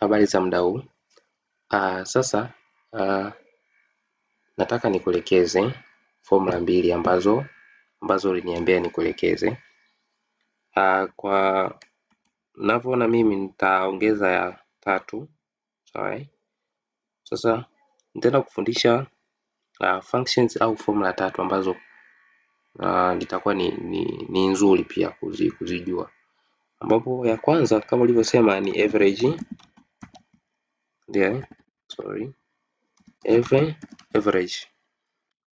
Habari za muda huu. Ah, sasa ah, nataka nikuelekeze fomula mbili ambazo ambazo uliniambia nikuelekeze. Ah, kwa ninavyoona mimi nitaongeza ya tatu, sawa. Eh? Sasa nitaenda kufundisha functions au fomula tatu ambazo nitakuwa ni, ni, ni nzuri pia kuzijua, ambapo ya kwanza kama ulivyosema ni average ndiye sorry average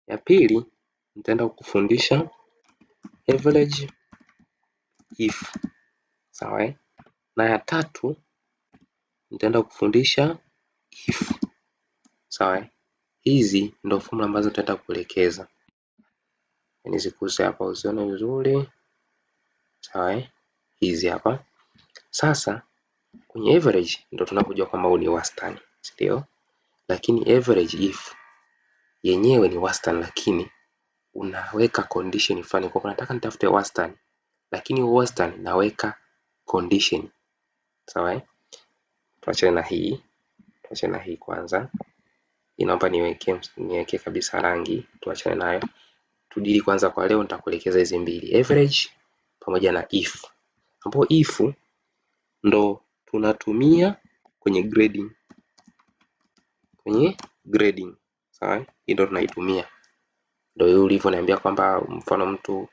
Ya pili nitaenda kukufundisha average if sawa eh na ya tatu nitaenda kukufundisha if sawa eh. Hizi ndio fomula ambazo nitaenda kuelekeza Yaani zikuse hapa uzione vizuri sawa eh hizi hapa. Sasa Kwenye average ndo tunakujua kwamba huu ni wastani si Lakini average if yenyewe ni wastani lakini unaweka condition fulani kwamba nataka nitafute wastani lakini huu wastani naweka condition. Sawa eh? Tuachane na hii. Tuachane na hii kwanza. Inaomba niweke niweke kabisa rangi, tuachane nayo. Tudili kwanza kwa leo nitakuelekeza hizi mbili, average pamoja na if. Ambapo if ndo tunatumia kwenye grading kwenye grading sawa, hii ndio tunaitumia, ndio hiyo ulivyoniambia kwamba mfano mtu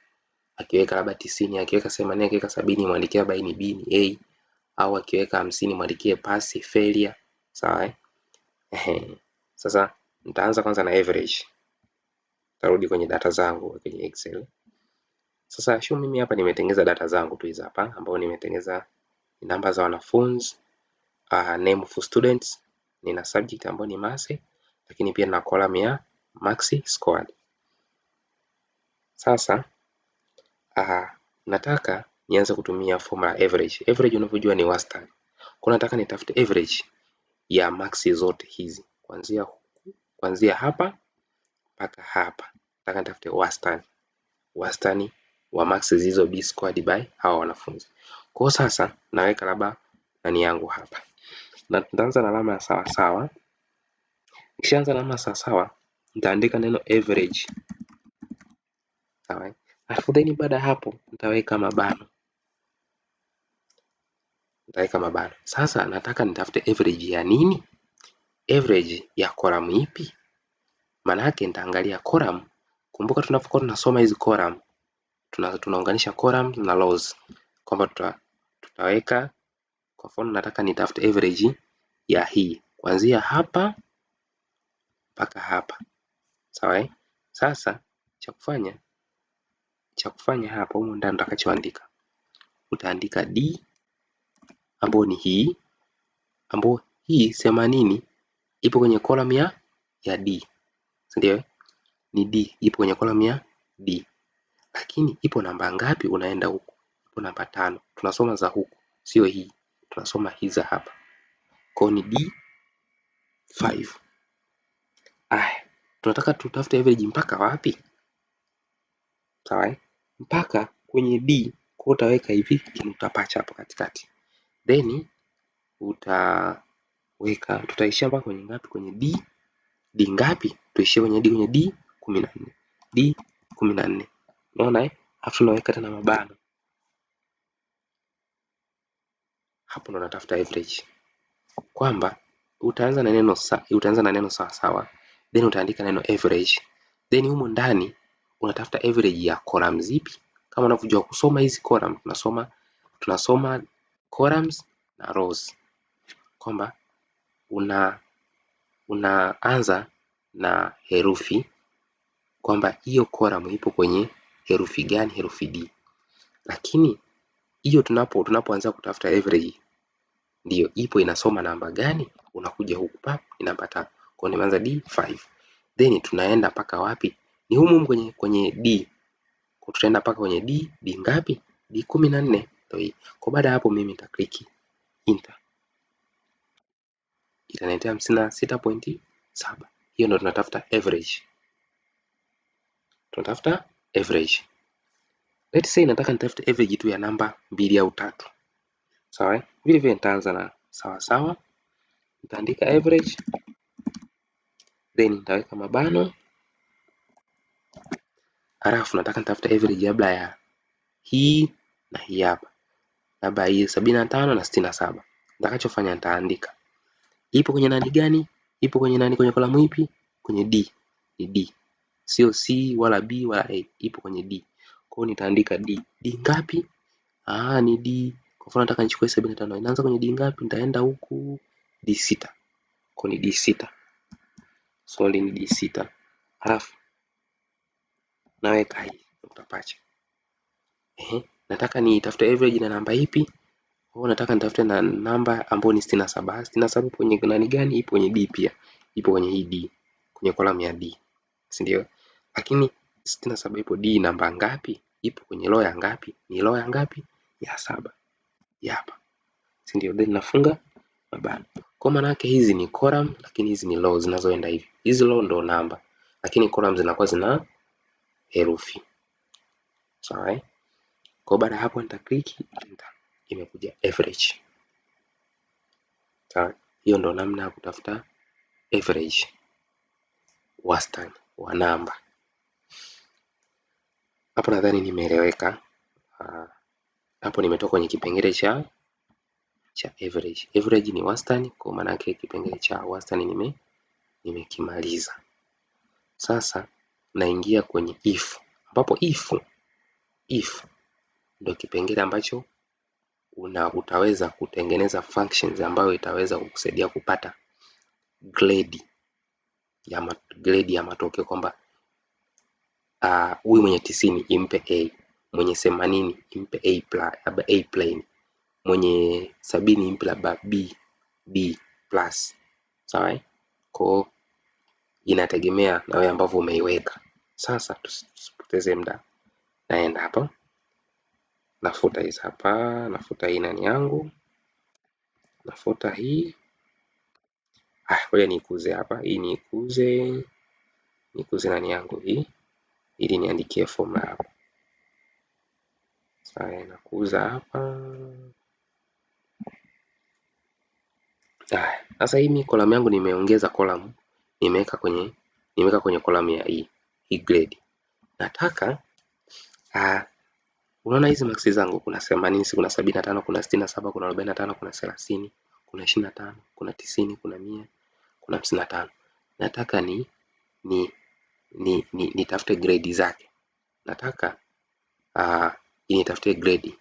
akiweka labda tisini akiweka themanini akiweka sabini mwandikie arobaini B ni A au akiweka hamsini mwandikie pasi failure sawa. eh? sasa nitaanza kwanza na average, tarudi kwenye data zangu kwenye Excel. Sasa assume mimi hapa nimetengeza data zangu tu hizi hapa, ambao nimetengeza ni namba za wanafunzi, uh, name of students nina subject ambayo ni mase lakini pia na column ya maxi scored Sasa uh, nataka nianze kutumia formula average. Average unavyojua ni wastani. Kwa nataka nitafute average ya maxi zote hizi kuanzia kuanzia hapa mpaka hapa. Nataka nitafute wastani. Wastani wa maxi zilizo b squared by hawa wanafunzi. Kwa sasa naweka labda nani yangu hapa na nitaanza na alama ya sawasawa. Nikishaanza na alama ya sawasawa nitaandika neno average. Sawa. Eh? Alafu then baada ya hapo nitaweka mabano. Nitaweka mabano. Sasa nataka nitafute average ya nini? Average ya kolamu ipi? Maana yake nitaangalia kolamu. Kumbuka tunapokuwa tunasoma hizi kolamu tuna, tunaunganisha column na rows kwamba tutaweka kwa mfano nataka nitafute average ya hii kuanzia hapa mpaka hapa sawa eh? Sasa cha kufanya cha kufanya hapa humu ndani utakachoandika utaandika d ambayo ni hii ambayo hii themanini ipo kwenye column ya ya d ndio? Eh? Ni d ipo kwenye column ya d, lakini ipo namba ngapi? Unaenda huko namba tano. Tunasoma za huku sio hii, tunasoma hii za hapa. Kwa ni D5. Aya, tunataka tutafute average mpaka wapi? Sawa, eh? mpaka kwenye D. Kwa utaweka hivi kinuta pacha hapo katikati, then utaweka tutaishia mpaka kwenye ngapi? Kwenye D. D ngapi? Tuishie kwenye D, kwenye D 14. D 14. Unaona eh? Afu tunaweka tena mabano hapo ndo natafuta average kwamba utaanza na neno sa, utaanza na neno sawasawa then utaandika neno average then humo ndani unatafuta average ya column zipi. Kama unavyojua kusoma hizi column, tunasoma tunasoma columns na rows, kwamba una unaanza na herufi kwamba hiyo column ipo kwenye herufi gani, herufi D. Lakini hiyo tunapo tunapoanza kutafuta average ndio ipo inasoma namba gani unakuja huku pa ni namba tatu kwa hiyo nimeanza d5 then tunaenda mpaka wapi ni humu kwenye kwenye d kwa tutaenda mpaka kwenye d d ngapi d 14 ndio hii kwa baada hapo mimi nitakliki enter itaniletea hamsini na hiyo ndo tunatafuta average tunatafuta average let's say nataka nitafute average tu ya namba mbili au tatu sawa. Vile vile nitaanza na sawa sawa, nitaandika average then nitaweka mabano, halafu nataka nitafuta average labda ya hii na hii hapa, labda hii sabini na tano na sitini na saba. Nitakachofanya nitaandika ipo kwenye nani gani, ipo kwenye nani, kwenye kolamu ipi? Kwenye D. Ni D, sio C wala B wala A, ipo kwenye D. Kwa hiyo nitaandika D. D ngapi? Ah, ni D kwa mfano nataka nichukue sabini na tano inaanza kwenye d ngapi? Nitaenda huku d sita kwa ni d sita soli ni d sita halafu naweka hii nukta pacha ehe, nataka ni tafute average na namba ipi? Kwa hiyo nataka nitafute na namba ambayo ni sitini na saba. Sitini na saba kwenye nani gani? Ipo kwenye d pia, ipo kwenye hii d, kwenye kolamu ya d, si ndio? Lakini sitini na saba ipo d namba ngapi? Ipo kwenye row ya ngapi? Ni row ya ngapi? Ya saba ya hapa si ndio? Then nafunga mabano. Kwa maana yake hizi ni column, lakini hizi ni row zinazoenda hivi. Hizi row ndo namba, lakini column zinakuwa zina herufi sawa. Eh, kwa baada hapo nita click enter, imekuja average sawa. Hiyo ndo namna ya kutafuta average, wastani wa namba. Hapo nadhani nimeeleweka. Ah hapo nimetoka kwenye kipengele cha cha average. Average ni wastani, kwa maana yake kipengele cha wastani nime nimekimaliza. Sasa naingia kwenye if, ambapo if if ndio kipengele ambacho una utaweza kutengeneza functions ambayo itaweza kukusaidia kupata grade ya, grade ya matokeo kwamba ah, huyu uh, mwenye tisini impe A Mwenye themanini nimpe A plain mwenye sabini impe labda B, D plus sawa eh, kwa hiyo inategemea na wewe ambavyo umeiweka. Sasa tusipoteze muda, naenda hapa nafuta hizi hapa, nafuta hii nani yangu, nafuta hii ah, ngoja nikuze hapa, hii nikuze nikuze nani yangu hii ili niandikie formula hapa. Haya inakuza hapa. Haya, sasa hii mimi column yangu nimeongeza column, nimeweka kwenye nimeweka kwenye column ya hii hii grade. Nataka ah, unaona hizi marks zangu kuna 80, kuna 75, kuna 67, kuna 45, kuna 30, kuna 25, kuna 90, kuna 100, kuna 55. Nataka ni ni ni, ni nitafute grade zake. Nataka ah, uh, ili nitafute grade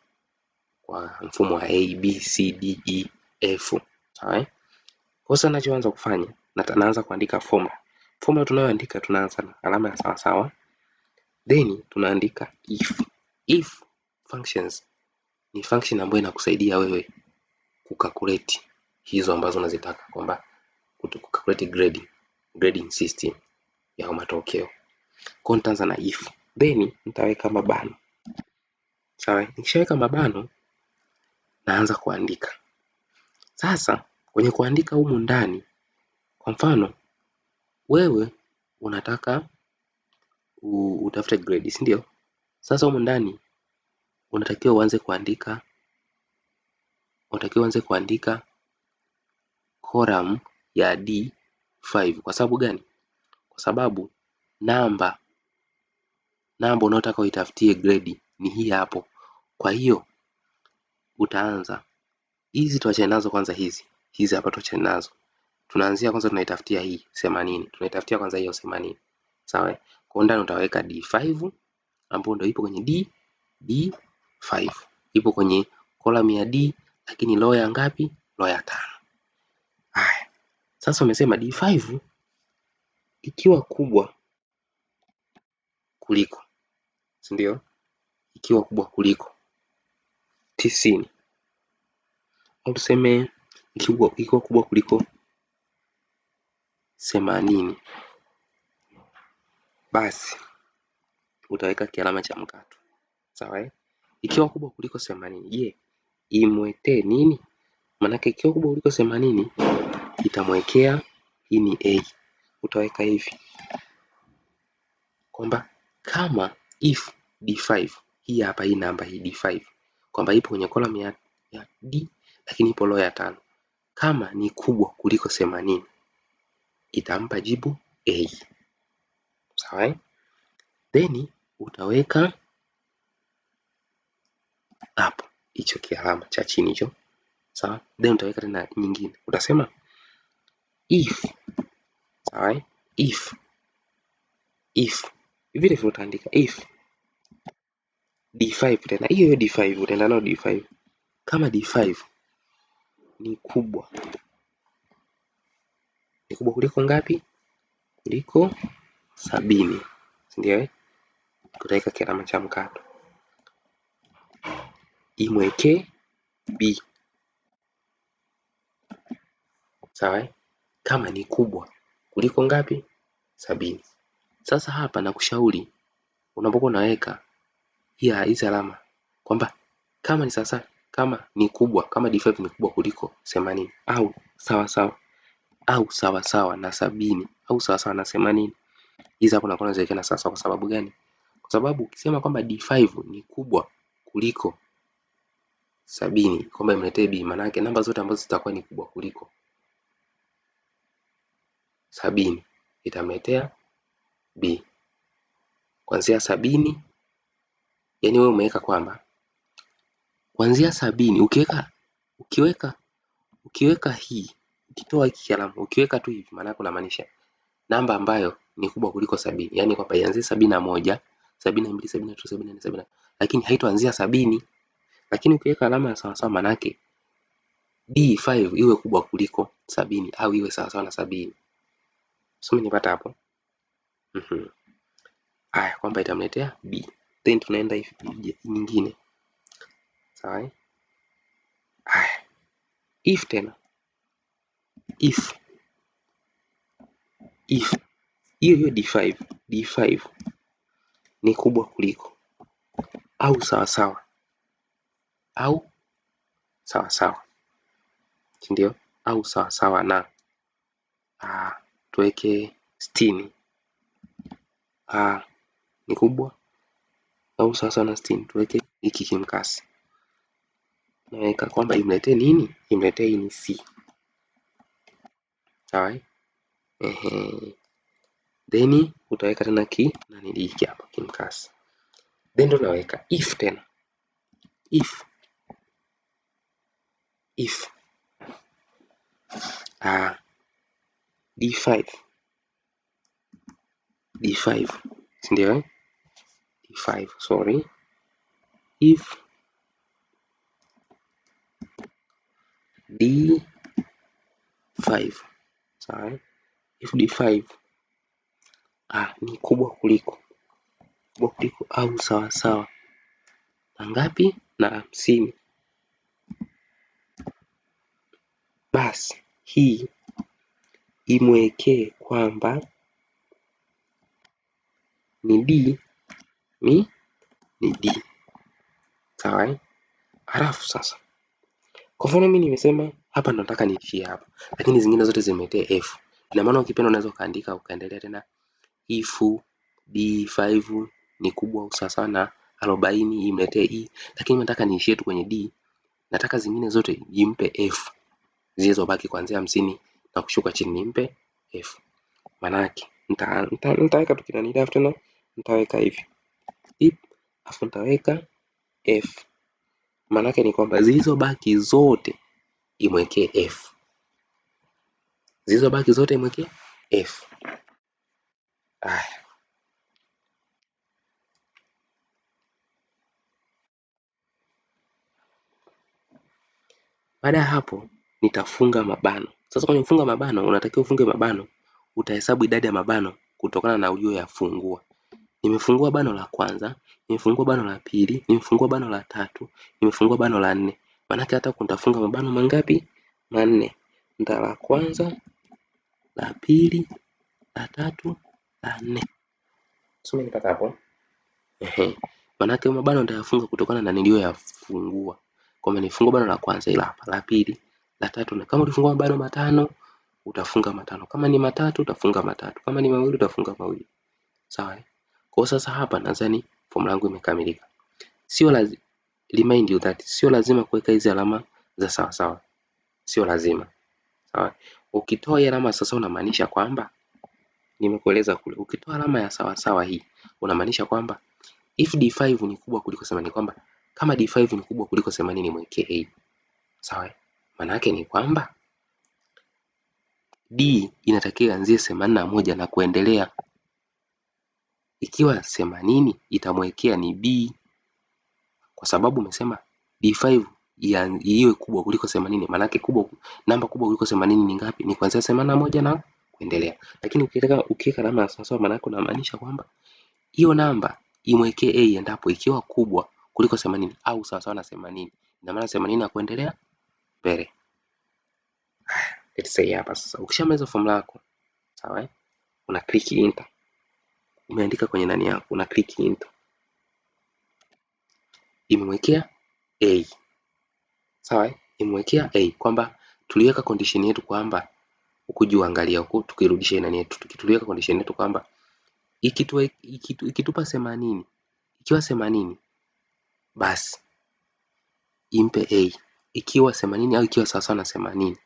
kwa mfumo wa A, B, C, D, E, F. Sawa? Kwa Sasa ninachoanza kufanya naanza kuandika formula. Formula tunayoandika tunaanza na alama ya sawa sawa. Then tunaandika if. If functions ni function ambayo inakusaidia wewe kukalkulate hizo ambazo unazitaka kwamba kukalkulate grading grading system ya matokeo. Kwa nitaanza na if. Then nitaweka mabano Sawa, nikishaweka mabano naanza kuandika. Sasa kwenye kuandika humu ndani, kwa mfano wewe unataka utafute gredi, si ndio? Sasa humu ndani unatakiwa uanze kuandika, unatakiwa uanze kuandika koram ya D5. Kwa sababu gani? Kwa sababu namba namba unayotaka uitafutie gredi ni hii hapo. Kwa hiyo utaanza hizi tuachane nazo kwanza, hizi hizi hapa tuachane nazo. Tunaanzia kwanza, tunaitafutia hii themanini, tunaitafutia kwanza hiyo themanini, sawa. Kwa ndani utaweka D5 ambayo ndio ipo kwenye D D5, ipo kwenye column ya D, lakini row ya ngapi? Row ya tano. Haya, sasa umesema D5 ikiwa kubwa kuliko, si ndio? Ikiwa kubwa kuliko tisini au tuseme ikiwa kubwa kuliko themanini basi utaweka kialama cha mkato sawa eh? Ikiwa kubwa kuliko themanini je, imwetee nini? Maanake ikiwa kubwa kuliko themanini itamwekea hii ni a, utaweka hivi kwamba kama if d5 hii hapa hii namba hii d5 kwamba ipo kwenye kolamu ya, ya D lakini ipo row ya tano. Kama ni kubwa kuliko 80 itampa jibu A. Sawa? Then utaweka hapo hicho kialama cha chini hicho. Sawa? Then utaweka tena nyingine. Utasema if sawa? If if hivi ndivyo utaandika if D5 tena hiyo hiyo D5 utaenda nao D5. Kama D5 ni kubwa ni kubwa kuliko ngapi? Kuliko sabini, ndio? Eh, utaweka kialama cha mkato, Imweke B sawa. eh? Kama ni kubwa kuliko ngapi? Sabini. Sasa hapa nakushauri unapokuwa unaweka pia hizi alama kwamba kama ni sasa kama ni kubwa kama D5 ni kubwa kuliko 80 au sawasawa au sawasawa na sabini au sawasawa na themanini hizi hapo nakuwa na sawasawa. Kwa sababu gani? Kwa sababu ukisema kwamba D5 ni kubwa kuliko sabini kwamba imletee B, maana yake namba zote ambazo zitakuwa ni kubwa kuliko sabini itamletea B kwanzia sabini yani wewe umeweka kwamba kuanzia sabini ukiweka ukiweka ukiweka hii ukitoa hiki kalamu ukiweka tu hivi maana yako unamaanisha namba ambayo ni kubwa kuliko sabini yani kwamba ianzie sabini na moja sabini na mbili sabini na tatu sabini na nne sabini na lakini haitoanzia sabini lakini ukiweka alama ya sawasawa manake D5 iwe kubwa kuliko sabini au iwe sawa sawa na sabini Sio, mnipata hapo mm aya kwamba itamletea B then tunaenda nyingine sawa. Haya, if tena if if hiyo hiyo d5 d5 ni kubwa kuliko au sawa sawa au sawa sawa ndio? Au sawa sawa na ah, tuweke sitini ah, ni kubwa au sasa na steam tuweke hiki kimkasi naweka kwamba imletee nini imletee hii ni c sawa eh? ehe then utaweka tena ki na nili hiki hapa kimkasi then ndo naweka if tena if if ah, d5 d5 ndio eh? 5 sorry if d5 sawa if d5 ah, ni kubwa kuliko kubwa kuliko au sawasawa na ngapi? Na hamsini. Basi hii imwekee kwamba ni d ni D. Sawa. Halafu sasa kwa mfano mimi nimesema hapa ndo nataka niishie hapa, lakini zingine zote zimetea F. Ina maana ukipenda unaweza ukaandika ukaendelea tena if D5 ni kubwa sawasawa na arobaini imletee E, lakini nataka niishie tu kwenye D. Nataka zingine zote jimpe F, zilizobaki kuanzia hamsini na kushuka chini nimpe F. Maanake nitaweka nita, nita alafu tena nitaweka hivi hip e, alafu nitaweka f. Maanake ni kwamba zilizobaki zote imwekee f, zilizobaki zote imwekee f. ah. baada ya hapo nitafunga mabano. Sasa kwenye kufunga mabano, unatakiwa ufunge mabano, utahesabu idadi ya mabano kutokana na ujio ya fungua. Nimefungua bano la kwanza, nimefungua bano la pili, nimefungua bano la tatu, nimefungua bano la nne. Maanake hata nitafunga mabano mangapi? Manne. Nda la kwanza, la pili, la tatu, la nne. Sume nipata hapo. Ehe. Maanake mabano nitayafunga kutokana na niliyoyafungua. Kwa maana nifungua bano la kwanza ila hapa, la pili, la tatu na kama ulifungua mabano matano, utafunga matano. Kama ni matatu utafunga matatu. Kama ni mawili utafunga mawili. Sawa? Eh? Kwa sasa hapa nadhani fomu langu imekamilika. Sio lazima remind you that sio lazima kuweka hizi alama za sawa sawa. Sio lazima. Sawa. Ukitoa hii alama sasa unamaanisha kwamba nimekueleza kule. Ukitoa alama ya sawa sawa hii unamaanisha kwamba if D5 ni kubwa kuliko 80 kwamba kama D5 ni kubwa kuliko 80 mwekee hii. Sawa? Maana yake ni kwamba D inatakiwa anzie 81 na kuendelea ikiwa themanini itamwekea ni B kwa sababu umesema B5 iwe kubwa kuliko themanini maanake kubwa, namba kubwa kuliko themanini ni ngapi? Ni kuanzia themanini na moja na kuendelea. Lakini ukiweka ukiweka namba ya sawasawa, maanake unamaanisha kwamba hiyo namba imwekee A endapo ikiwa kubwa kuliko themanini au sawasawa na themanini. Ina maana themanini na kuendelea mbele. Let's say hapa sasa, ukishamaliza formula yako sawa, eh? una click enter umeandika kwenye nani yako una click into imwekea a sawa eh? imemwekea a kwamba tuliweka condition yetu kwamba huku juu angalia huku tukirudisha nani yetu tukituliweka condition yetu kwamba ikitupa ikitu, ikitu themanini ikiwa themanini basi impe a ikiwa themanini au ikiwa sawasawa na themanini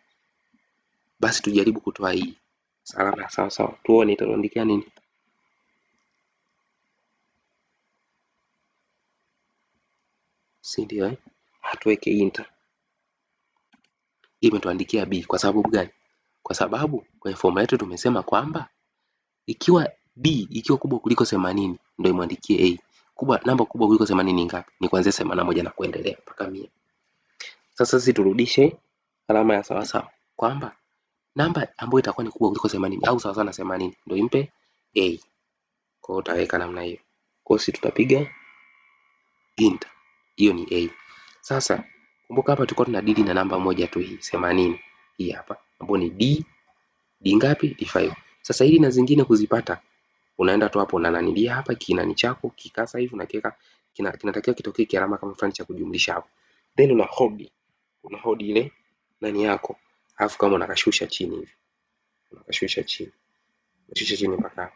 basi tujaribu kutoa hii salama sawa, tuone itaandikia nini CDI eh? hatuweke inter. Hii imetuandikia b. Kwa sababu gani? Kwa sababu kwenye fomu yetu tumesema kwamba ikiwa b ikiwa kubwa kuliko 80 ndio imwandikie a. Kubwa namba kubwa kuliko 80 ni ngapi? Ni kuanzia 81 na na kuendelea mpaka 100. Sasa sisi turudishe alama ya sawa sawa kwamba namba ambayo itakuwa ni kubwa kuliko 80 au sawa sawa na 80 ndio impe a. Kwa hiyo utaweka namna hiyo. Kwa hiyo sisi tutapiga int hiyo ni A. Sasa kumbuka hapa tulikuwa tuna tunadili na namba moja tu hii themanini hii hapa ambayo ni D, D ngapi? D5. Sasa hili na zingine kuzipata unaenda tu hapo na nani dia hapa kinani chako kikasa hivi unakiweka kina, kinatakiwa kitokee kialama kama fulani cha kujumlisha hapo. Then una hold una hold ile nani yako alafu kama unakashusha chini hivi unakashusha chini unashusha chini mpaka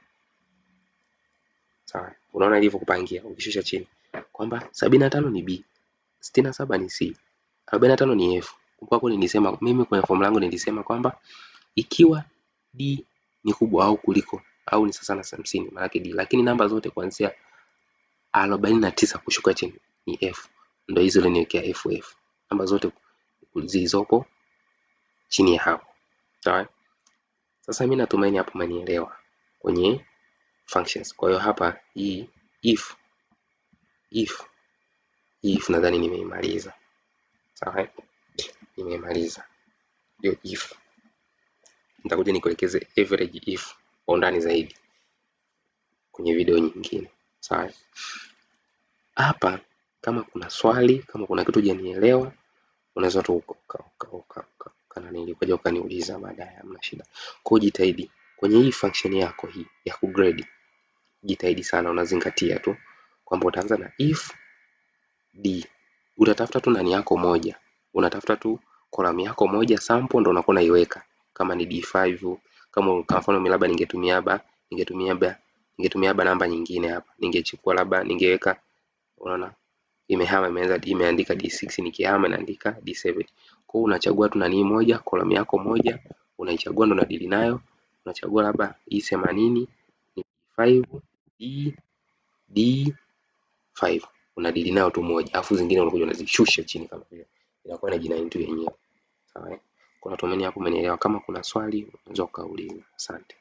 sawa, unaona ilivyokupangia ukishusha chini kwamba sabini na tano ni B, sitini na saba ni C, arobaini na tano ni F. Kwako nilisema mimi kwenye fomu langu nilisema kwamba ikiwa D ni kubwa au kuliko au ni sasa na hamsini D, lakini namba zote kuanzia arobaini na tisa kushuka chini ni F, ndio hizo liniwekea FF namba zote zilizopo chini ya hapo sawa. Sasa mimi natumaini hapo umenielewa kwenye functions. Kwa hiyo hapa hii if if if nadhani nimeimaliza sawa nimeimaliza hiyo if nitakuja nikuelekeze average if kwa undani zaidi kwenye video nyingine sawa hapa kama kuna swali kama kuna kitu hujanielewa unaweza tu ukaja ukaniuliza baadaye hamna shida kwa jitahidi kwenye hii function yako hii ya kugrade jitahidi sana unazingatia tu kwamba utaanza na if d. Utatafuta tu nani yako moja, unatafuta tu kolamu yako moja sample ndo unakuwa unaiweka, kama ni d5 kama kwa mfano mimi labda ningetumia hapa ningetumia hapa ningetumia hapa namba nyingine hapa, ningechukua labda ningeweka, unaona imehama imeanza imeandika d6, nikihama naandika d7. Kwa hiyo unachagua tu nani moja, kolamu yako moja unaichagua, ndo unadili nayo, unachagua labda hii 80 ni 5 d d una unadili nayo tu moja, afu zingine unakuja unazishusha chini kama hiyo, inakuwa na jina yetu yenyewe. Sawa, eh? kwa natumaini hapo umenielewa. Kama kuna swali unaweza ukauliza. Asante.